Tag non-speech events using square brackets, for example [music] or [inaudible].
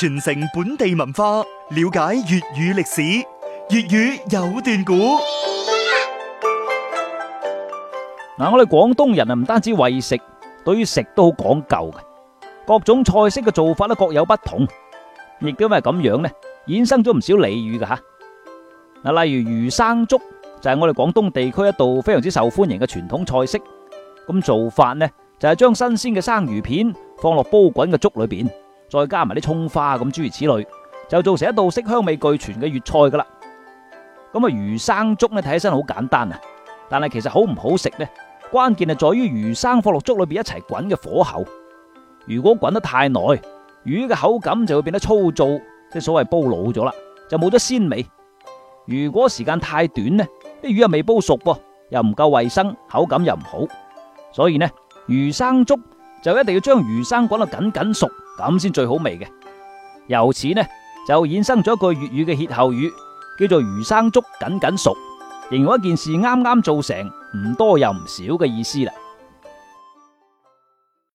傳承本地文化，了解粵語歷史，粵語有段古。嗱、 [noise] 啊，我哋廣東人啊，唔單止為食，對於食都好講究嘅，各種菜式嘅做法咧各有不同，亦都因為咁樣咧，衍生咗唔少俚語嘅吓。嗱、啊，例如魚生粥就係我哋廣東地區一道非常之受歡迎嘅傳統菜式，咁做法咧就係將新鮮嘅生魚片放落煲滾嘅粥裏邊。再加埋啲蔥花咁，諸如此類，就做成一道色香味俱全嘅粵菜噶啦。咁啊，魚生粥呢，睇起身好簡單啊，但係其實好唔好食呢？關鍵係在於魚生放落粥裏邊一齊滾嘅火候。如果滾得太耐，魚嘅口感就會變得粗糙，即係所謂煲老咗啦，就冇咗鮮味。如果時間太短呢，啲魚又未煲熟噃，又唔夠衛生，口感又唔好。所以呢，魚生粥就一定要將魚生滾到緊緊熟。咁先最好味嘅，由此呢就衍生咗一句粵語嘅歇後語，叫做魚生粥，僅僅熟，形容一件事啱啱做成，唔多又唔少嘅意思啦。